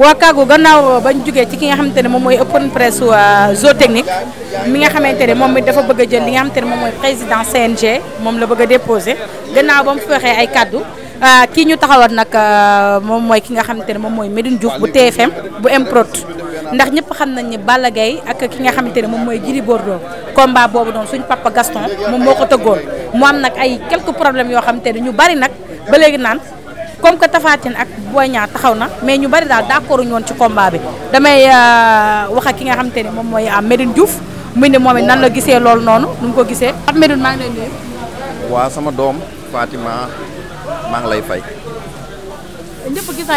waa Kaggu gannaaw euh, bañ jógee ci ki nga xamante ne moom mooy open press euh, zootechnique mi nga xamante ne moom mi dafa bëgg a jël li nga xamante ne moom mooy président CNG moom la bëgg déposé gannaaw ba fexee ay kaddu euh, kii ñu taxawoon nag moom mooy ki nga xamante ne moom mooy Medoune Diouf bu TFM bu Mprod ndax ñëpp xam nañ ni Balla ak ki nga xamante ne moom mooy Gris Bordeaux combat boobu noonu suñ papa Gaston moom moo ko tëggoon mu am nag ay quelques problèmes yoo xamante ne ñu bari nag ba léegi naan. comme que Tapha Tine ak Boy Niang taxaw na mais ñu bari daal d'accord ñu woon ci combat bi damay euh, wax ak ki nga xamante ne moom mooy am euh, Médoune Diouf mu ne moom it nan la gisee loolu noonu nu ko gisee am Médoune maa waaw sama doom Fatima ngi lay fay. ñëpp gis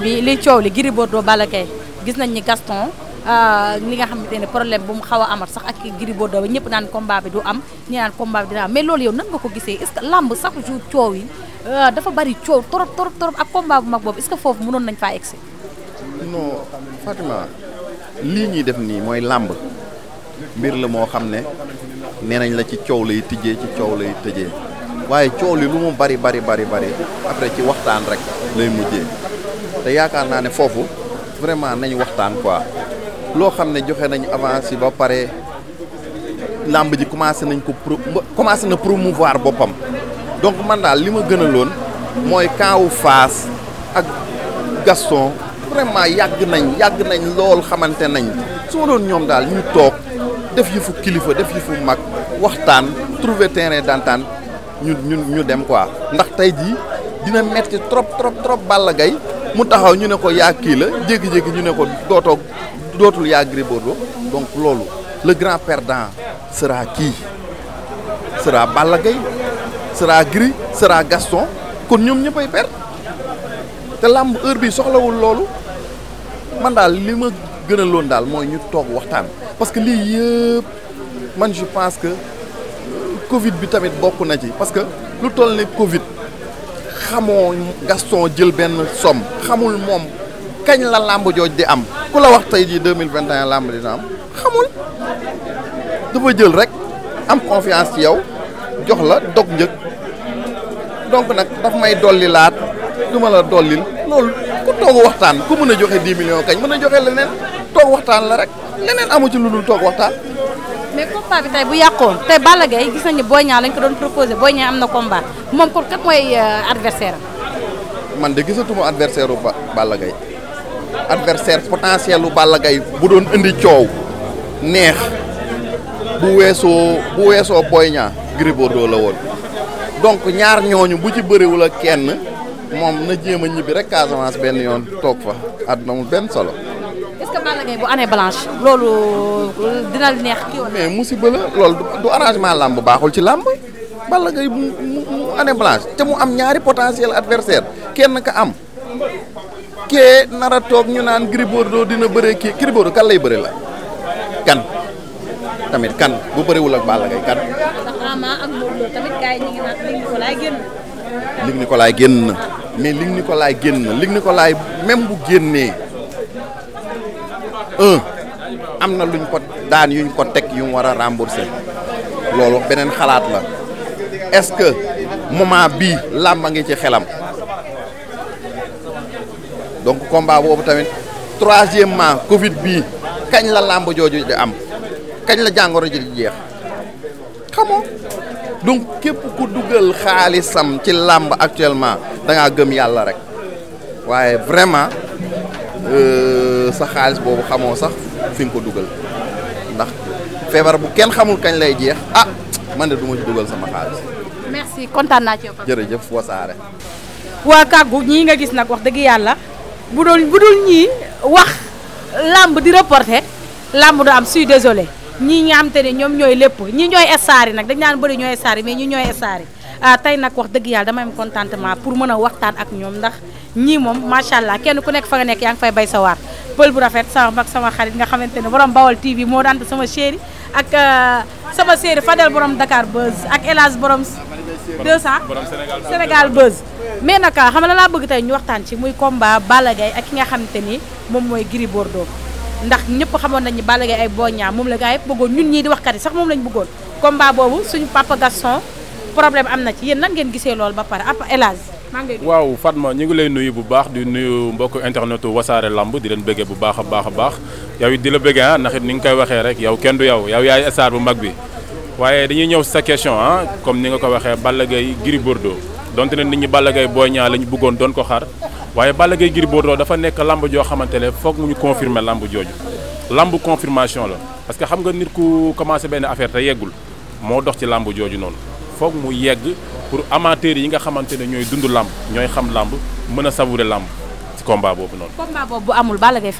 bi li coow li Gris Bordeaux Balla gis nañ ni Gaston euh, li nga xamante ne problème bu mu xaw a amat sax ak Gris Bordeaux bi ñëpp naan combat bi du am ñi naan combat bi dina am mais loolu yow nan nga ko gisee est-ce que lamb chaque jour coow yi. Euh, dafa bari coow torop torop torop ak combat bu mag boobu est foofu mënoon nañ faa egsi non Fatima lii ñuy def nii mooy làmb mbir la moo xam ne nee nañ la ci coow lay tijjee ci coow lay tëjee waaye coow li lu mu bari bari bari bari après ci waxtaan rek lay mujjee te yaakaar naa ne foofu vraiment nañu waxtaan quoi loo xam ne joxe nañu avance ba pare làmb ji commencé nañ ko pro commencé na promouvoir boppam. donc man daal li ma gën loon mooy kaawu Fass ak Gaston vraiment yàgg nañ yàgg nañ lool xamante nañ su ma ñoom daal ñu toog def yi fu kilifa def yëfu mag waxtaan trouver terrain d'entente ñu ñu ñu dem quoi ndax tey jii dina metti trop trop trop Balla Gaye mu taxaw ñu ne ko yaa kii la jékki-jékki ñu ne ko dootoo dootul yaa Gris donc loolu le grand perdant sera kii sera Balla Gaye sera Gris sera Gaston kon ñoom ñëppay perte te làmb heure bi soxlawul loolu man daal li ma gënaloon daal mooy ñu toog waxtaan parce que lii yëpp man je pense que euh, Covid bi tamit bokk na ci parce que lu toll ni Covid xamoo Gaston jël benn somme xamul moom kañ la làmb jooj di am ku la wax tey jii deux mille vingt et un làmb dina am xamul dafa jël rek am confiance ci yow jox la dog njëg donc nag daf may dolli laat du ma la dollil loolu ku toog waxtaan ku mën a joxe 10 millions kañ mën a joxe leneen toog waxtaan la rek leneen amu ci lu dul toog waxtaan. mais combat bi tey bu yàqoon te Balla Gaye gis nañu Boy Niang lañ ko doon proposé Boy Niang am na combat moom kon kat mooy euh, adversaire am. man de gisatuma adversaire u ba Balla Gaye adversaire potentiel u Balla bu doon indi coow neex bu weesoo bu weesoo Boy Niang Gris doo la woon. donc ñaar ñooñu bu ci bëriwul ak kenn moom na jéem a ñibbi rek Casamance benn yoon toog fa àdduna amul benn solo. est-ce que Balla loolu dina neex kii mais musiba la loolu du arrangement làmb baaxul ci làmb Balla Gaye mu mu année blanche te mu am ñaari potentiel adversaire kenn ka am kee nara toog ñu naan Gris dina bëree kii Gris Bordeaux kan lay bëri la kan. tamit kan bu bëriwul ak Balla Gaye kan. ndax Ama génn. Luc Nicolaï génn na. mais Luc Nicolaï génn na Luc Nicolaï même bu génnee un am na luñ ko daan yuñ ko teg yu mu war a rembourser loolu beneen xalaat la est-ce que moment bii làmba ngi ci xelam donc combat boobu tamit troisièmement Covid bii kañ la làmb jooju di am. kañ la jàngoro ji di jeex xamoo donc képp ku dugal xaalisam ci làmb actuellement da gëm yàlla rek waaye vraiment euh, sa xaalis boobu xamoo sax fi nga ko dugal ndax feebar bu kenn xamul kañ lay jeex ah man de du ma ci dugal sama xaalis. merci kontaan naa ci yow. jërëjëf wasaare. waa kàggu ñii nga gis nag wax dëgg yàlla bu doon bu dul ñii wax làmb di reporté làmb du am suis désolé. ñii ñaam xam te ne ñoom ñooy lépp ñi ñooy star yi nag dañ naan bëri ñooy star yi mais ñi ñooy star yi ah tey nag wax dëgg yàlla dama am contentement pour mën a waxtaan ak ñoom ndax ñii moom macha allah kenn ku nekk fa nga nekk yaa ngi fay bay sa waar pël bu rafet sama mag sama xarit nga xamante ne borom Bawol TV moo daan sama chéri ak ah, sama chéri Fadel borom Dakar Buzz ak Elage borom 200 Sénégal Buzz mais nag ah, xam nga laa bëgg tey ñu waxtaan ci muy combat Balla ak nga xamante ni moom mooy Gris Bordeaux ndax ñëpp xamoon nañu Balla Gaye ay Boy Niang moom la gaa yëpp bëggoon ñun ñii di waxkat yi sax moom lañ bëggoon combat boobu suñu papa Gaston problème am na ci yéen nan ngeen gisee loolu ba pare ap élage waaw Fatma ñu ngi lay nuyu bu baax di nuyu mbokk internetu wasaare lamb di leen bëggee bu baax a baax a baax yow it di la bëggee ah ndax ni nga koy waxee rek yow kenn du yow yow yaay star bu mag bi waaye dañuy ñëw sa question ah comme ni nga ko waxee Balla Gaye Gris Bordeaux donte ne nit ñi Balla Gaye Boy Niang lañu bëggoon doon ko xaar waaye Balla Gaye Gris dafa nekk lamb joo xamante ne foog mu ñu confirmer jooju lamb confirmation la parce que xam nga nit ku commencé benn affaire te yeggul moo dox ci làmb jooju noonu foog mu yegg pour amateurs yi nga xamante ne ñooy dund làmb ñooy xam lamb mën a savourer lamb ci combat boobu noonu. combat boobu bu amul Balla Gaye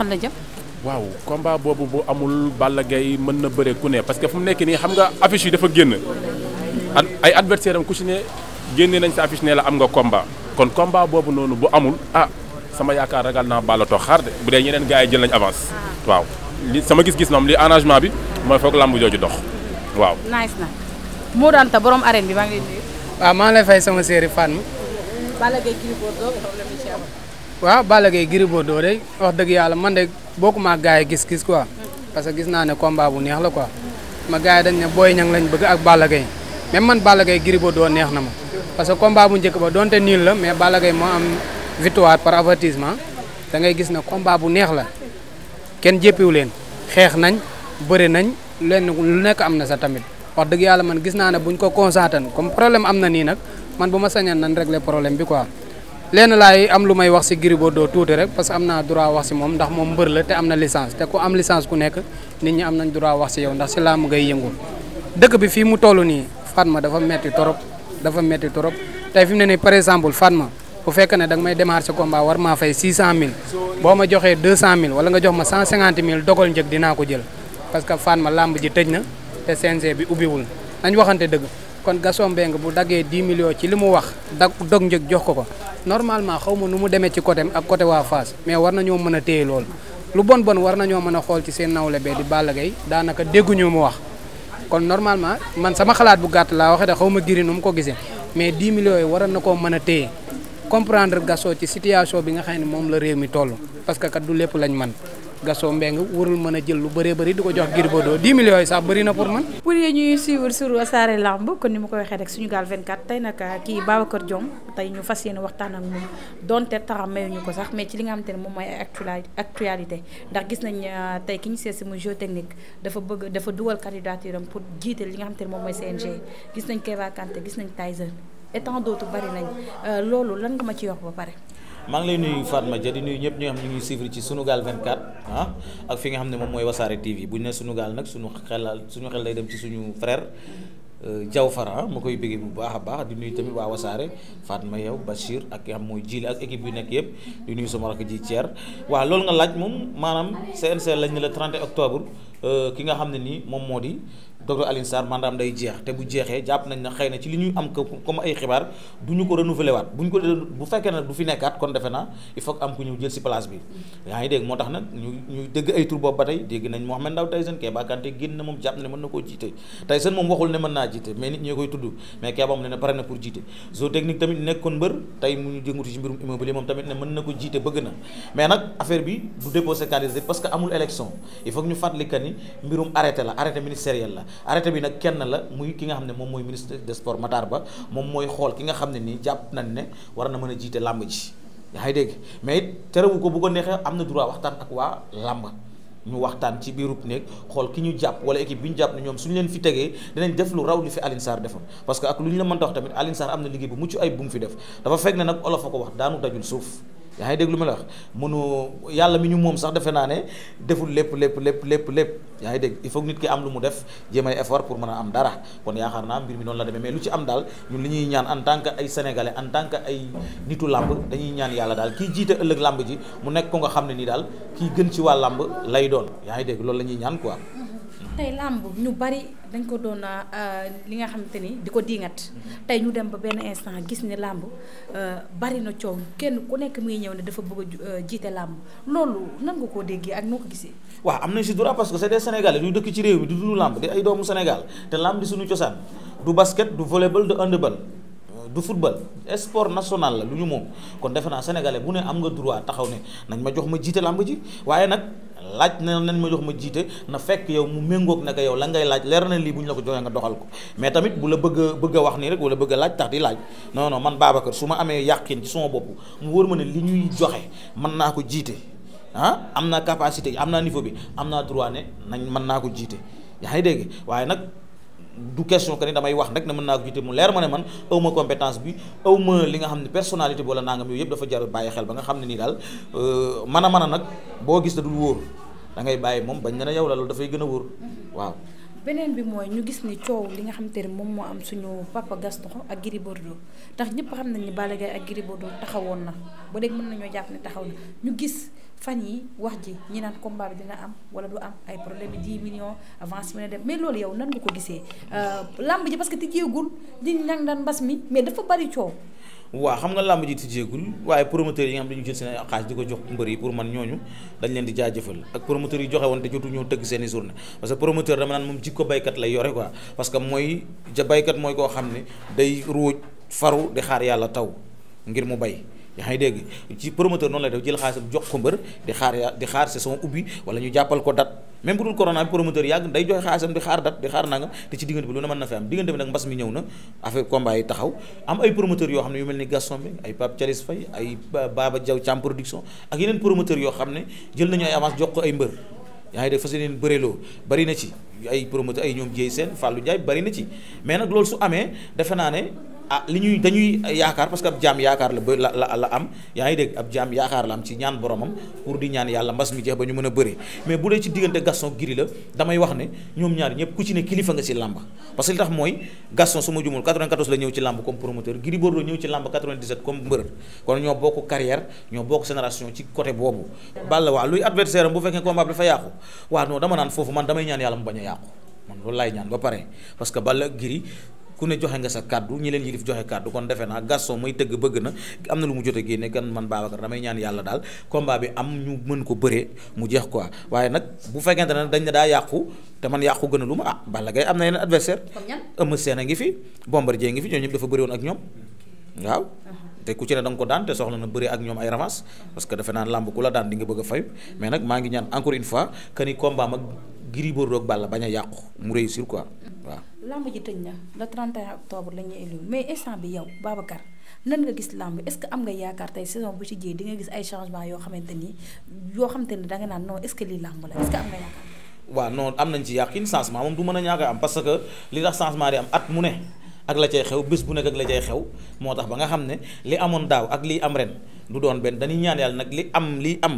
waaw combat boobu bu amul Balla Gaye mën na bëre ku ne parce que fu mu nekk nii xam nga affiche yi dafa génn ay adversaire am ku ci ne génne nañ sa affiche ne la am nga combat. kon combat boobu noonu bu amul a ah, sama yaakaar ragal naa Balla toog xaar de bu dee ñeneen gars yi jël nañ avance. Ah. waaw li sama gis-gis moom li arrangement bi mooy foog làmb jooju dox waaw. nice na moo daan ta borom arène bi maa ngi lay nuyu. waaw ah, sama séeri fan mi. waaw Balla Gaye Gris Bordeaux de wax dëgg yàlla man de boo ak gars yi gis-gis quoi. parce que gis naa ne combat bu neex la quoi. ma gars dañ ne Boy Niang lañ bëgg ak Balla Gaye même man Balla Gaye Gris doo neex na ma. parce que combat bu njëkk ba donte nul la mais Balla Gaye moo am victoire par avertissement da ngay gis na combat bu neex la kenn jéppiwu leen xeex nañ bëri nañ leen lu nekk am na sa tamit wax dëgg yàlla man gis naa ne buñ ko constaté comme problème am na nii nag man bu ma sañan nan régler problème bi quoi lenn laay am lu may wax si Gris Bordeaux tuuti rek parce que am naa droit wax si moom ndax moom mbër la te am na licence te ku am licence ku nekk nit ñi am nañ droit wax si yow ndax si laa ngay yëngul dëkk dafa metti trop tey fi mu ne nii par exemple Fatma bu fekk ne da may may ko combat war maa fay 600000 boo ma joxee 200000 wala nga jox ma 150000 dogal njëg dinaa ko jël parce que Fatma làmb ji tëj na te CNG bi ubbiwul nañ waxante dëgg kon Gaston Mbengue bu daggee 10 millions ci li mu wax dag dog njëg jox ko ko normalement xaw ma nu mu demee ci côté ak côté waa Fass mais war nañoo mën a téye loolu lu bon bon war nañoo mën a xool ci seen nawle bee di Balla Gaye daanaka dégguñu mu wax. kon normalement man sama xalaat bu gàtt laa waxee da xaw ma giri nu mu ko gisee mais 10 millions yi a na koo mën a téye comprendre Gaston ci situation bi nga xam ne moom la réew mi toll parce que kat du lépp lañ man Gaston Mbengue warul mën a jël lu bëree bëri du ko jox Gris Bordeaux 10 millions yi sax bëri na pour man. pour yéen ñuy suivre sur Wassare Lamb kon ni ma ko waxee rek Sunugal 24 tey nag ah, kii Babacar Diome tey ñu fas yéene waxtaan ak moom donte taxam mayuñu ko sax mais ci li nga xam xamante ne moom mooy actualité ndax gis nañ ah, tey ki ñu seet si mu géotechnique dafa bëgg dafa dugal candidature am pour jiite li nga xam xamante ne moom mooy CNG gis nañ Keba Kanté gis nañ Tyson et tant d'autres bari nañ euh, loolu lan nga ma ci wax ba pare. maa ngi lay nuyu Fatma Dia di nuyu ñëpp ñi nga xam ñu ngi suivre ci Sunugal 24 ah ak fi nga xam ne moom mooy wasaare TV bu ñu nee Sunugal nag suñu xelal suñu xel lay dem ci suñu frère euh, Diaw Fara ah, ma koy bëggee bu baax a baax di nuyu tamit waa wasaare Fatma yow Bachir ak ki nga mooy Jili ak équipe bi nekk yëpp di nuyu sama rakk ji Thier waaw loolu nga laaj moom maanaam CNCR lañ ne le 30 octobre euh, ki nga xam ne nii moom moo di. docteur Alioune Sarr mandaam day jeex te bu jeexee jàpp nañ na xëy na ci li ñuy am comme ay xibaar du ñu ko renouveler waat bu ñu ko bu fekkee nag du fi nekkaat kon defe naa il mm-hmm. ngi dégg moo tax nag ñu ñuy dégg ay tur boobu ba tey dégg nañ na moom jàpp ne mën na koo jiite Tyson moom waxul ne mën na pour jiite zone technique tamit nekkoon mbër tey mu ñu jëngutu ci mbirum ko jiite bëgg na mais nag affaire bi du déposé candidature parce que amul élection il faut ñu fàttali que mbirum arrêté la arrêté ministériel la arrêté bi nag kenn la muy ki nga xam ne moom mooy ministre des sports Matar Ba moom mooy xool ki nga xam ne nii jàpp nañ ne war na mën a jiite làmb ji yaa ngi dégg mais it terewu ko bu ko neexee am na droit waxtaan ak waa làmb ñu waxtaan ci biirub néeg xool ki ñu jàpp wala équipe bi ñu jàpp ne ñoom suñu leen fi tegee dinañ def lu raw li fi Alioune Sarr defoon parce que ak lu ñu la mën a wax tamit Alioune am na liggéey bu mucc ay bu mu fi def dafa fekk ne nag olof a ko wax suuf yaa ngi dégg lu ma la wax mënu yàlla mi ñu moom sax defe naa ne deful lépp lépp lépp lépp lépp yaa ngi dégg il faut nit ki am lu mu def jéem ay effort pour mën a am dara kon yaakaar naa mbir mi noonu la demee mais lu ci am daal ñun li ñuy ñaan en tant que ay sénégalais en tant que ay nitu làmb dañuy ñaan yàlla daal kii jiite ëllëg làmb ji mu nekk ko nga xam ne nii daal kii gën ci waa làmb lay doon yaa ngi dégg loolu la ñuy ñaan quoi tey làmb ñu bari dañ ko doon euh, li nga xamante ni di ko diingat mhm. tey ñu dem ba benn instant gis ne làmb euh, bari na coow kenn ku nekk muy ñëw ne dafa bëgg a euh, jiite làmb loolu nan ko koo déggee ak noo ko gisee. waaw am nañ si droit parce que c'est des Sénégalais ñu dëkk ci réew mi du dund làmb di ay doomu Sénégal te làmb di suñu cosaan du basket du volleyball du handball. du football sport national la lu ñu moom kon defe naa sénégalais bu ne am nga droit taxaw ne nañ ma jox ma jiite làmb ji laaj na nañ ma jox ma jiite na fekk yow mu méngook naka yow la ngay laaj leer na lii bu ñu la ko joxee nga doxal ko mais tamit bu la bëgg a bëgg a wax nii rek wala bëgg a laaj tax di laaj non non man Babacar su ma amee yàqin ci sama bopp mu wóor ma ne li ñuy joxe mën naa ko jiite ah am naa capacité am naa niveau bi am naa droit ne nañ mën naa ko jiite yaa ngi dégg waaye nag du question que ni damay wax rek ne mën naa ko jiite mu leer ma ne man aw ma compétence bi aw ma li nga xam ne personnalité bi wala nangam yooyu yëpp dafa jar bàyyi xel ba nga xam ne nii daal euh, mën a mën a nag boo gis da dul wóor da ngay bàyyi moom bañ ne na yow la loolu dafay gën a wóor waaw. beneen bi mooy ñu gis ni coow li nga xam te ne moom moo am suñu papa Gaston ak Gris Bordeaux ndax ñëpp xam nañ ni bale Gaye ak Gris Bordeaux taxawoon na ba léegi mën nañoo jàpp ne taxaw na ñu gis. fan yi wax ji ñi naan combat dina am wala du am ay problème yi 10 millions avance mi ne dem mais loolu yow nan ko gisee euh, làmb ji parce que tijjeegul di ñang daan mbas mi mais dafa bari coow. waa xam nga làmb ji tijjeegul waaye promoteurs yi nga xam dañu jël seen xaalis di ko yi pour man ñooñu dañ leen di jaajëfal ak promoteurs yi joxe woon te jotu ñoo tëgg seen i journée parce que promoteur dama naan moom jikko baykat lay yore quoi parce que mooy ja baykat mooy koo xam ne day ruuj faru di xaar yàlla taw ngir mu bay yaa ngi dégg ci promoteur noonu lay def jël xaalisam jox ko mbër di xaar di xaar saison ubbi wala ñu jàppal ko date même bu dul corona bi promoteur yàgg day joxe xaalisam di xaar date di xaar nangam te ci diggante bi lu ne mën na fi am diggante bi nag mbas mi ñëw na affaire combat yi taxaw am ay promoteurs yoo xam ne yu mel ni Gaston bi ay Pape Thialis Faye ay Baba Diaw Thiam production ak yeneen promoteurs yoo jël nañu ay avance jox ko ay mbër yaa ngi dégg fas yéeneen bëreloo bari na ci ay promoteur ay ñoom Dieye Sène Fallou Ndiaye bari na ci mais nag loolu su amee defe naa ne ah li ñuy dañuy yaakaar parce que ab jaam yaakaar la ba la am yaa ngi dégg ab jaam yaakaar la am ci ñaan boromam pour di ñaan yàlla mbas mi jeex ba ñu mën a bëree mais bu dee ci diggante Gaston Giri la damay wax ne ñoom ñaar ñëpp ku ci ne kilifa nga si làmb parce que li tax mooy Gaston su jumul la ñëw ci làmb comme promoteur Giri Bordeaux ñëw ci làmb comme mbër kon ñoo bokk carrière ñoo bokk génération ci côté boobu Balla waa luy adversaire a yàqu man loolu laay ñaan ba ku ne joxe nga sa kàddu ñi leen yilif joxe kàddu kon defe naa Gaston mooy tëgg bëgg na am na lu mu jot a génne kan man Babacar damay ñaan yàlla daal combat bi am ñu mën ko bëree mu jeex quoi waaye nag bu fekkente ne dañ ne daa yàqu te man yàqu gën a lu ma ah Balla Gaye am na yeneen adversaire Eumeu Sène a ngi fi Bombardier ngi fi ñoom ñëpp dafa bëri ak ñoom waaw uh-huh. te ku ci ne da ko daan te soxla na bëri ak ñoom ay revanche parce que defe naa làmb ku la daan di nga bëgg a mais nag maa ngi ñaan encore une fois que ni combat mag Gris Bordeaux ak Balla bañ a yàqu mu réussir quoi làmb ji tëj na le 31 octobre la ñuy élu mais instant bi yow Babacar nan nga gis làmb est-ce que am nga yaakaar tey saison bu ci jiyee di nga gis ay changement yoo xamante ni yoo xamante ni da nga naan non est-ce que lii làmb la est-ce que am nga yaakaar. waaw non am nañ ci yàqin changement moom du mën a ñàkk am parce que li tax changement di am at mu ne ak la cay xew bés bu nekk ak la cay xew moo tax ba nga xam ne li amoon daaw ak li am ren du doon benn dañuy ñaan yàlla nag li am li am.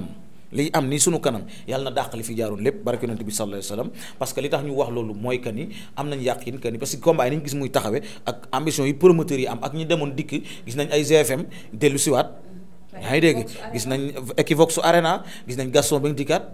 liy am ni suñu kanam yàlla na dàq li fi jaaroon lépp barke bi sallallahu alayhi wasallam que li tax ñu wax loolu mooy que ni am nañ yàqin que ni parce que combat yi nañ gis muy taxawee ak ambition yi promoteurs yi am ak ñi demoon dikk gis nañ ay GFM dellu siwaat yaa ngi dégg gis nañ Equivox Arena gis nañ Gaston Mbengue dikkaat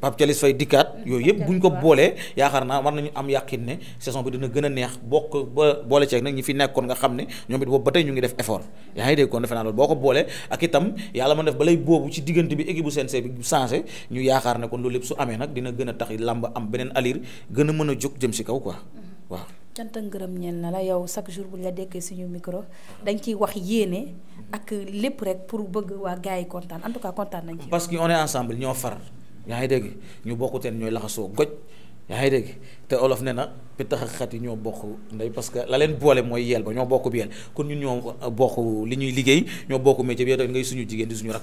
Pape Thialis Faye dikkaat yooyu yëpp buñ ko boolee yaakaar naa man nañu am yàqin ne saison bi dina gën a neex bokk ba boole ceeg nag ñi fi nekkoon nga xam ne ñoom it boobu ba tey ñu ngi def effort yaa ngi dégg kon defe naa loolu boo ko boolee ak itam yàlla mën def balay boobu ci diggante bi équipe seen CNC bi changé ñu yaakaar ne kon loolu lépp su amee nag dina gën a tax làmb am beneen alir gën a mën a jóg jëm si kaw quoi mm-hmm. waaw cant ak ngërëm ñeel na la yow chaque jour bu la dekkee suñu micro dañ ciy wax yéene ak lépp rek pour bëgg waa gars yi kontaan en tout cas kontaan nañ ci. que on est ensemble ñoo far yaa ngi dégg ñu bokkuteen ñooy laxasoo goj yaa ngi dégg te olof ne na pittax ak xat yi ñoo bokk ndey parce que la leen boole mooy yel ba ñoo bokk bi yel kon ñun ñoo bokk li ñuy liggéey ñoo bokk métier bi yow tamit ngay suñu jigéen di suñu rak